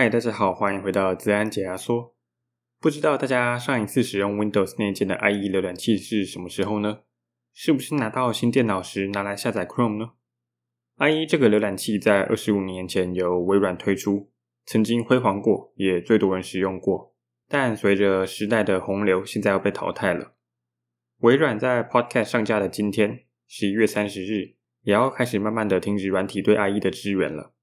嗨，大家好，歡迎回到資安解壓縮。不知道大家上一次使用 Windows 內建的 IE 瀏覽器是什麼時候呢？是不是拿到新電腦時拿來下載 Chrome 呢？IE 這個瀏覽器在二十五年前由微軟推出，曾經輝煌過，也最多人使用過。但隨着時代的洪流，現在要被淘汰了。微軟在 Podcast 上架的今天，十一月三十日，也要開始慢慢的停止軟體對 IE 的支援了。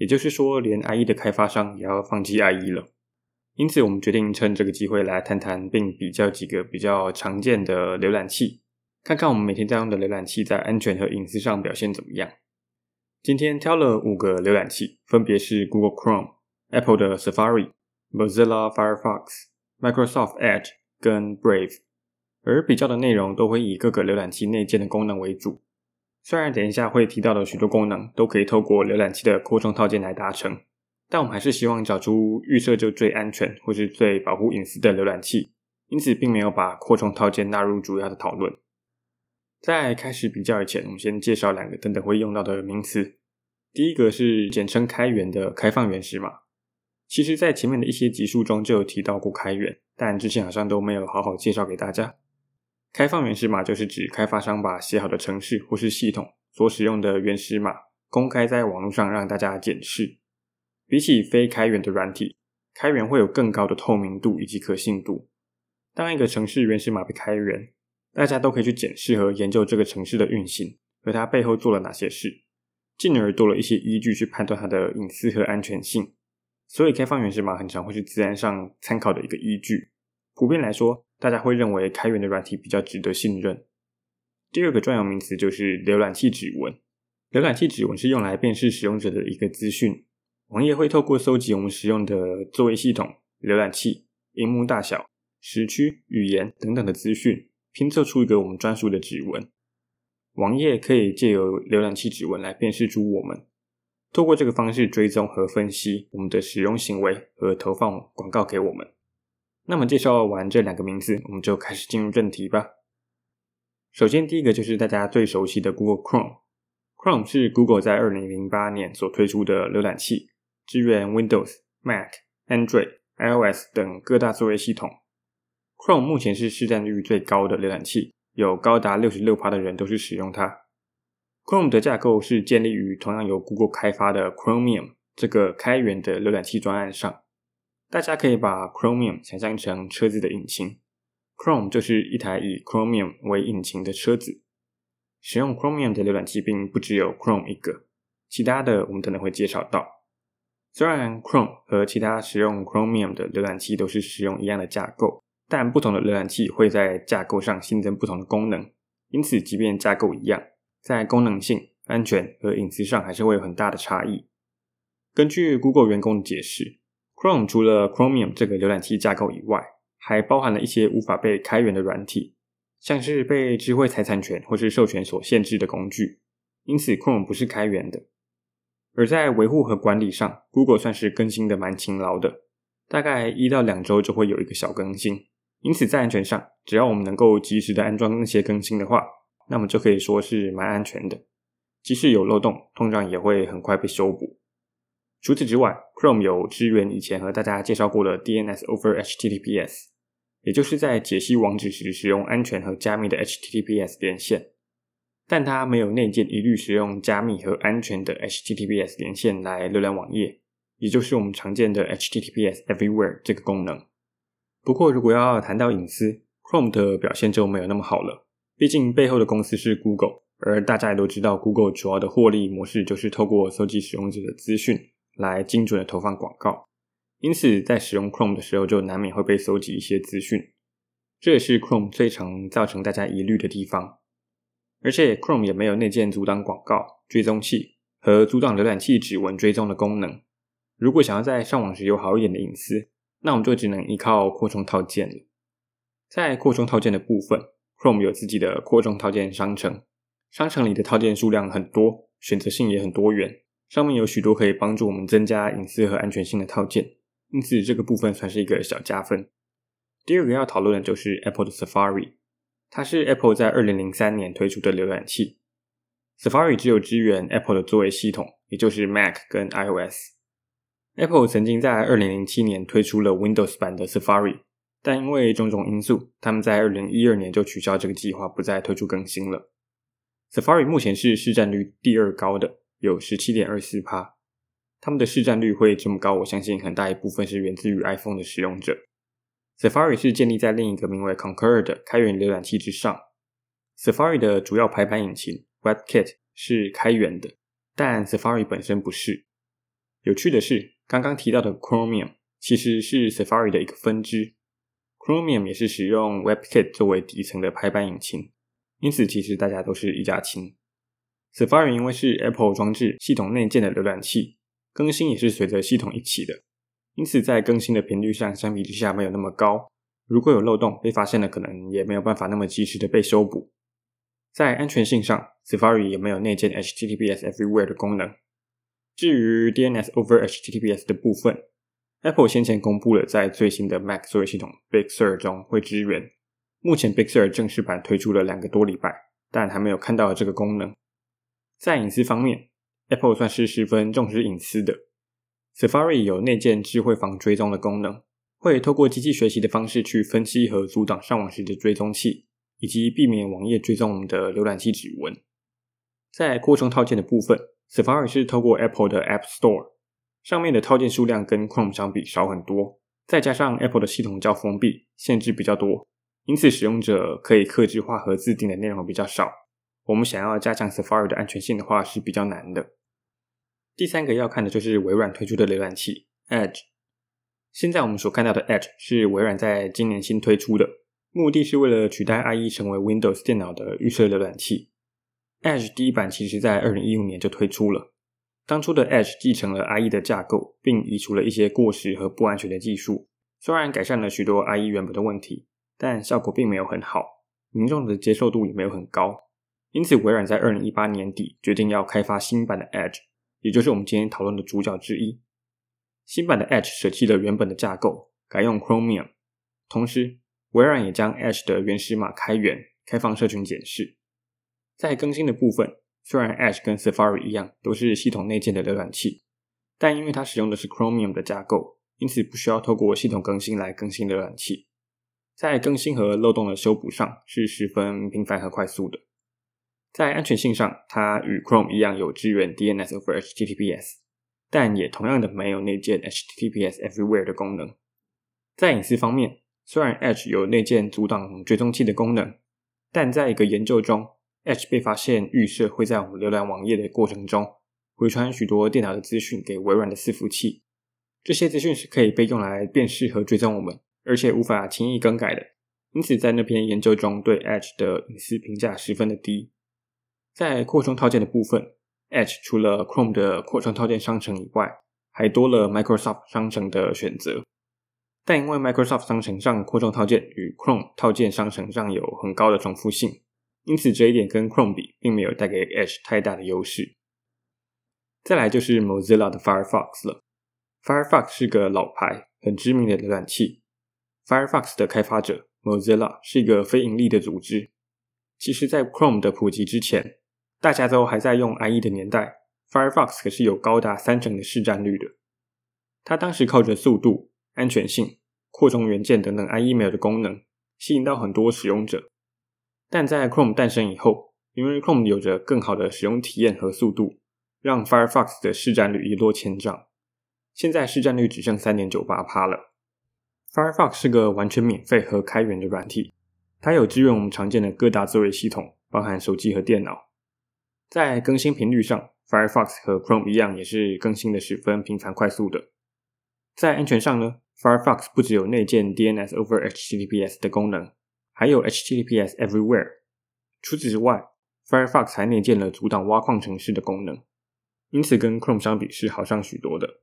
也就是說，連 IE 的開發商也要放棄 IE 了。因此，我們決定趁這個機會來談談，並比較幾個比較常見的瀏覽器，看看我們每天在用的瀏覽器在安全和隱私上表現怎麼樣。今天挑了五個瀏覽器，分別是 Google Chrome、Apple 的 Safari、Mozilla Firefox、Microsoft Edge 跟 Brave，而比較的內容都會以各個瀏覽器內建的功能為主。雖然等一下會提到的許多功能都可以透過瀏覽器的擴充套件來達成，但我們還是希望找出預設就最安全或是最保護隱私的瀏覽器，因此並沒有把擴充套件納入主要的討論。在開始比較以前，我們先介紹兩個等等會用到的名詞。第一個是簡稱開源的開放原始碼。其實，在前面的一些集數中就有提到過開源，但之前好像都沒有好好介紹給大家。開放原始碼就是指開發商把寫好的程式或是系統所使用的原始碼公開在網絡上讓大家檢視。比起非開源的軟體，開源會有更高的透明度以及可信度。當一個程式原始碼被開源，大家都可以去檢視和研究這個程式的運行和它背後做了哪些事，進而多了一些依據去判斷它的隱私和安全性，所以，開放原始碼很常會是資安上參考的一個依據。普遍來說，大家會認為開源的軟體比較值得信任。第二個專有名詞就是瀏覽器指紋。瀏覽器指紋是用來辨識使用者的一個資訊。網頁會透過收集我們使用的作業系統、瀏覽器、螢幕大小、時區、語言等等的資訊，拼湊出一個我們專屬的指紋。網頁可以借由瀏覽器指紋來辨識出我們，透過這個方式追蹤和分析我們的使用行為，和投放廣告給我們。那麼介紹完這兩個名字，我們就開始進入正題吧。首先，第一個就是大家最熟悉的 Google Chrome。Chrome 是 Google 在二零零八年所推出的瀏覽器，支援 Windows、Mac、Android、iOS 等各大作業系統。Chrome 目前是市占率最高的瀏覽器，有高達六十六趴的人都是使用它。Chrome 的架構是建立於同樣由 Google 開發的 Chromium 這個開源的瀏覽器專案上。大家可以把 Chromium 想象成車子的引擎，Chrome 就是一台以 Chromium 為引擎的車子。使用 Chromium 的瀏覽器並不只有 Chrome 一個，其他的我們等等會介紹到。雖然 Chrome 和其他使用 Chromium 的瀏覽器都是使用一樣的架構，但不同的瀏覽器會在架構上新增不同的功能，因此即便架構一樣，在功能性、安全和隱私上還是會有很大的差異。根據 Google 員工的解釋。Chrome 除了 Chromium 這個瀏覽器架構以外，還包含了一些無法被開源的軟體，像是被智慧財產權或是授權所限制的工具，因此 Chrome 不是開源的。而在維護和管理上，Google 算是更新的蠻勤勞的，大概一到兩周就會有一個小更新。因此在安全上，只要我們能夠及時的安裝那些更新的話，那麼就可以說是蠻安全的。即使有漏洞，通常也會很快被修補。除此之外，Chrome 有支援以前和大家介紹過的 DNS over HTTPS，也就是在解析網址時使用安全和加密的 HTTPS 連線。但它沒有內建一律使用加密和安全的 HTTPS 連線來瀏覽網頁，也就是我們常見的 HTTPS Everywhere 這個功能。不過，如果要談到隱私，Chrome 的表現就沒有那麼好了，畢竟背後的公司是 Google，而大家也都知道，Google 主要的獲利模式就是透過收集使用者的資訊。來精準的投放廣告，因此在使用 Chrome 的時候，就難免會被蒐集一些資訊。這也是 Chrome 最常造成大家疑慮的地方。而且 Chrome 也沒有內建阻擋廣告追蹤器和阻擋瀏覽器指紋追蹤的功能。如果想要在上網時有好一點的隱私，那我們就只能依靠擴充套件了。在擴充套件的部分 ，Chrome 有自己的擴充套件商城，商城裡的套件數量很多，選擇性也很多元。上面有許多可以幫助我們增加隱私和安全性的套件，因此這個部分算是一個小加分。第二個要討論的就是 Apple 的 Safari，它是 Apple 在二零零三年推出的瀏覽器。Safari 只有支援 Apple 的作業系統，也就是 Mac 跟 iOS。Apple 曾經在二零零七年推出了 Windows 版的 Safari，但因為種種因素，他們在二零一二年就取消這個計劃，不再推出更新了。Safari 目前是市占率第二高的。有十七點二四趴，他們的市占率會這麼高，我相信很大一部分是源自於 iPhone 的使用者。Safari 是建立在另一個名為 Konqueror 的開源瀏覽器之上。Safari 的主要排版引擎 WebKit 是開源的，但 Safari 本身不是。有趣的是，剛剛提到的 Chromium 其實是 Safari 的一個分支，Chromium 也是使用 WebKit 作為底層的排版引擎，因此其實大家都是一家親。Safari 因為是 Apple 裝置系統內建的瀏覽器，更新也是隨着系統一起的，因此在更新的頻率上，相比之下沒有那麼高。如果有漏洞被發現了，可能也沒有辦法那麼及時的被修補。在安全性上，Safari 也沒有內建 HTTPS Everywhere 的功能。至於 DNS over HTTPS 的部分，Apple 先前公布了在最新的 Mac 作業系統 Big Sur 中會支援。目前 Big Sur 正式版推出了兩個多禮拜，但還沒有看到了這個功能。在隱私方面，Apple 算是十分重視隱私的。Safari 有內建智慧防追蹤的功能，會透過機器學習的方式去分析和阻擋上網時的追蹤器，以及避免網頁追蹤我們的瀏覽器指紋。在擴充套件的部分，Safari 是透過 Apple 的 App Store，上面的套件數量跟 Chrome 相比少很多，再加上 Apple 的系統較封閉，限制比較多，因此使用者可以客製化和自訂的內容比較少。我們想要加強 Safari 的安全性的話是比較難的。第三個要看的就是微軟推出的瀏覽器 Edge。現在我們所看到的 Edge 是微軟在今年新推出的，目的是為了取代 IE 成為 Windows 電腦的預設瀏覽器。Edge 第一版其實，在2015年就推出了。當初的 Edge 繼承了 IE 的架構，並移除了一些過時和不安全的技術，雖然改善了許多 IE 原本的問題，但效果並沒有很好，民眾的接受度也沒有很高。因此，微軟在二零一八年底決定要開發新版的 Edge，也就是我們今天討論的主角之一。新版的 Edge 捨棄了原本的架構，改用 Chromium。同時，微軟也將 Edge 的原始碼開源，開放社群檢視。在更新的部分，雖然 Edge 跟 Safari 一樣都是系統內建的瀏覽器，但因為它使用的是 Chromium 的架構，因此不需要透過系統更新來更新瀏覽器。在更新和漏洞的修補上，是十分頻繁和快速的。在安全性上，它與 Chrome 一樣有支援 DNS over HTTPS，但也同樣的沒有內建 HTTPS Everywhere 的功能。在隱私方面，雖然 Edge 有內建阻擋追蹤器的功能，但在一個研究中，Edge 被發現預設會在我們瀏覽網頁的過程中，回傳許多電腦的資訊給微軟的伺服器。這些資訊是可以被用來辨識和追蹤我們，而且無法輕易更改的。因此，在那篇研究中，對 Edge 的隱私評價十分的低。在擴充套件的部分，Edge 除了 Chrome 的擴充套件商城以外，還多了 Microsoft 商城的選擇。但因為 Microsoft 商城上擴充套件與 Chrome 套件商城上有很高的重複性，因此這一點跟 Chrome 比，並沒有帶給 Edge 太大的優勢。再來就是 Mozilla 的 Firefox 了。Firefox 是個老牌、很知名的瀏覽器。Firefox 的開發者 Mozilla 是一個非盈利的組織。其實，在 Chrome 的普及之前，大家都還在用 IE 的年代，Firefox 可是有高達三成的市占率的。它當時靠着速度、安全性、擴充元件等等 IE 沒有的功能，吸引到很多使用者。但在 Chrome 誕生以後，因為 Chrome 有着更好的使用體驗和速度，讓 Firefox 的市占率一落千丈。現在市占率只剩三點九八趴了。Firefox 是個完全免費和開源的軟體，它有支援我們常見的各大作業系統，包含手機和電腦。在更新頻率上，Firefox 和 Chrome 一樣，也是更新的十分頻繁、快速的。在安全上呢，Firefox 不只有內建 DNS over HTTPS 的功能，還有 HTTPS Everywhere。除此之外，Firefox 還內建了阻擋挖礦程式的功能，因此跟 Chrome 相比是好上許多的。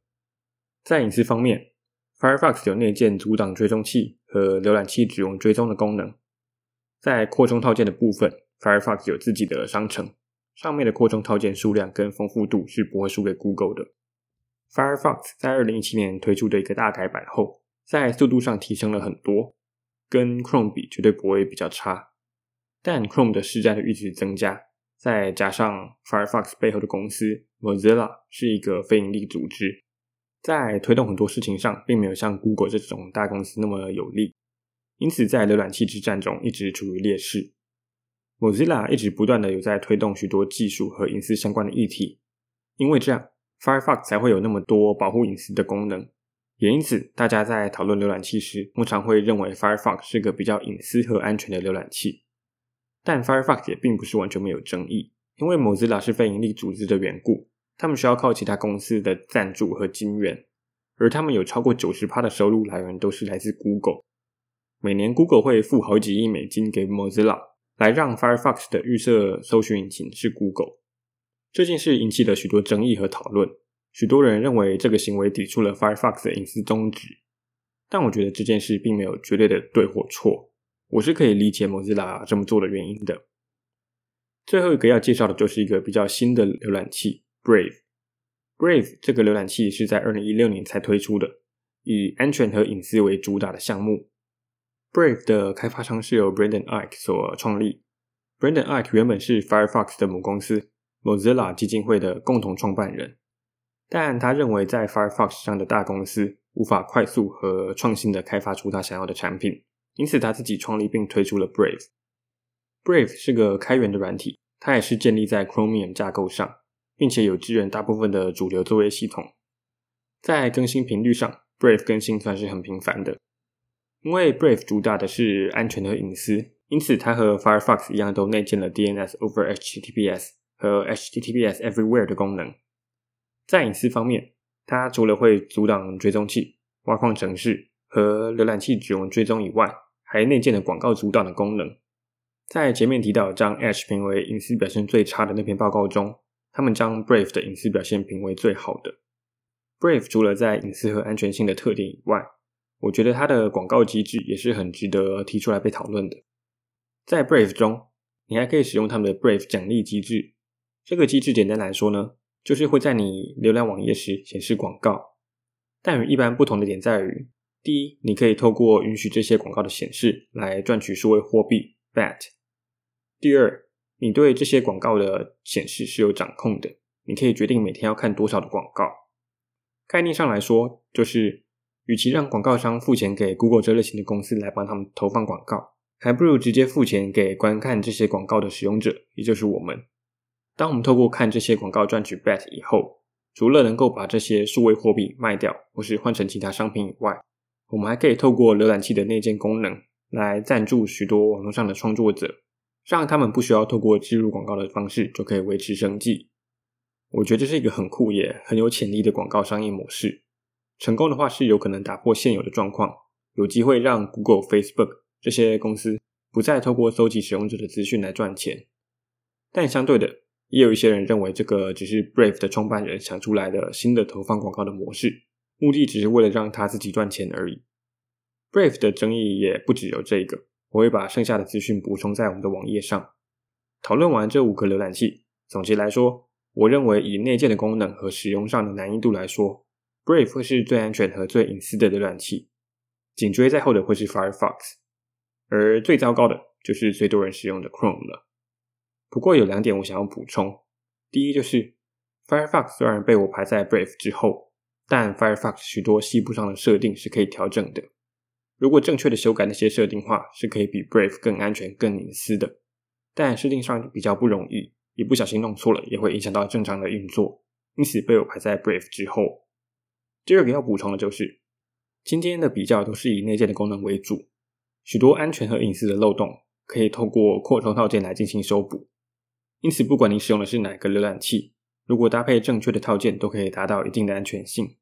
在隱私方面，Firefox 有內建阻擋追蹤器和瀏覽器指紋追蹤的功能。在擴充套件的部分，Firefox 有自己的商城。上面的擴充套件數量跟豐富度是不會輸給 Google 的。Firefox 在二零一七年推出的一個大改版後，在速度上提升了很多，跟 Chrome 比絕對不會比較差。但 Chrome 的市占率一直增加，再加上 Firefox 背後的公司 Mozilla 是一個非營利組織，在推動很多事情上，並沒有像 Google 這種大公司那麼有力，因此在瀏覽器之戰中一直處於劣勢。Mozilla 一直不斷的有在推動許多技術和隱私相關的議題，因為這樣 Firefox 才會有那麼多保護隱私的功能，也因此大家在討論瀏覽器時，通常會認為 Firefox 是個比較隱私和安全的瀏覽器。但 Firefox 也並不是完全沒有爭議，因為 Mozilla 是非盈利組織的緣故，他們需要靠其他公司的贊助和金援，而他們有超過九十%的收入來源都是來自 Google，每年 Google 會付好幾億美金給 Mozilla。來讓 Firefox 的預設搜尋引擎是 Google，這件事引起了許多爭議和討論。許多人認為這個行為抵觸了 Firefox 的隱私宗旨，但我覺得這件事並沒有絕對的對或錯。我是可以理解 Mozilla 這麼做的原因的。最後一個要介紹的就是一個比較新的瀏覽器 Brave。Brave 這個瀏覽器是在2016年才推出的，以安全和隱私為主打的項目。Brave 的開發商是由 Brendan Eich 所創立。Brendan Eich 原本是 Firefox 的母公司 Mozilla 基金會的共同創辦人，但他認為在 Firefox 上的大公司無法快速和創新的開發出他想要的產品，因此他自己創立並推出了 Brave。Brave 是個開源的軟體，它也是建立在 Chromium 架構上，並且有支援大部分的主流作業系統。在更新頻率上，Brave 更新算是很頻繁的。因為 Brave 主打的是安全和隱私，因此它和 Firefox 一樣都內建了 DNS over HTTPS 和 HTTPS Everywhere 的功能。在隱私方面，它除了會阻擋追蹤器、挖礦程式和瀏覽器指紋追蹤以外，還內建了廣告阻擋的功能。在前面提到將 Edge 評為隱私表現最差的那篇報告中，他們將 Brave 的隱私表現評為最好的。Brave 除了在隱私和安全性的特點以外，我覺得它的廣告機制也是很值得提出來被討論的。在 Brave 中，你還可以使用他們的 Brave 獎勵機制。這個機制簡單來說呢，就是會在你瀏覽網頁時顯示廣告，但與一般不同的點在於：第一，你可以透過允許這些廣告的顯示來賺取數位貨幣 BAT；第二，你對這些廣告的顯示是有掌控的，你可以決定每天要看多少的廣告。概念上來說，就是，與其讓廣告商付錢給 Google 這類型的公司來幫他們投放廣告，還不如直接付錢給觀看這些廣告的使用者，也就是我們。當我們透過看這些廣告賺取 BAT 以後，除了能夠把這些數位貨幣賣掉或是換成其他商品以外，我們還可以透過瀏覽器的內建功能來贊助許多網絡上的創作者，讓他們不需要透過植入廣告的方式就可以維持生計。我覺得這是一個很酷也很有潛力的廣告商業模式。成功的話是有可能打破現有的狀況，有機會讓 Google、Facebook 這些公司不再透過搜集使用者的資訊來賺錢。但相對的，也有一些人認為這個只是 Brave 的創辦人想出來的新的投放廣告的模式，目的只是為了讓他自己賺錢而已。Brave 的爭議也不只有這個，我會把剩下的資訊補充在我們的網頁上。討論完這五個瀏覽器，總結來說，我認為以內建的功能和使用上的難易度來說。Brave 會是最安全和最隱私的瀏覽器，緊追在後的會是 Firefox，而最糟糕的就是最多人使用的 Chrome 了。不過有兩點我想要補充，第一就是 Firefox 雖然被我排在 Brave 之後，但 Firefox 許多細部上的設定是可以調整的，如果正確的修改那些設定的話，是可以比 Brave 更安全、更隱私的，但設定上比較不容易，一不小心弄錯了也會影響到正常的運作，因此被我排在 Brave 之後。第二個要補充的就是，今天的比較都是以內建的功能為主，許多安全和隱私的漏洞可以透過擴充套件來進行修補。因此，不管你使用的是哪個瀏覽器，如果搭配正確的套件，都可以達到一定的安全性，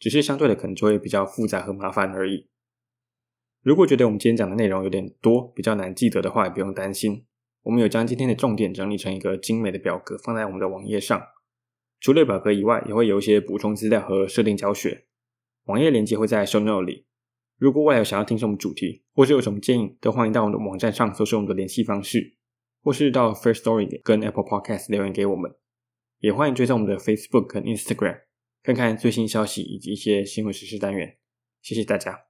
只是相對的可能就會比較複雜和麻煩而已。如果覺得我們今天講的內容有點多，比較難記得的話，也不用擔心，我們有將今天的重點整理成一個精美的表格，放在我們的網頁上。除了表格以外，也會有一些補充資料和設定教學。網頁連接會在 show notes 裡。如果未來有想要聽什麼主題，或者有什麼建議，都歡迎到我們的網站上搜索我們的聯繫方式，或是到 Firstory 跟 Apple Podcast 留言給我們。也歡迎追蹤我們的 Facebook 和 Instagram 看看最新消息以及一些新聞時事單元。謝謝大家。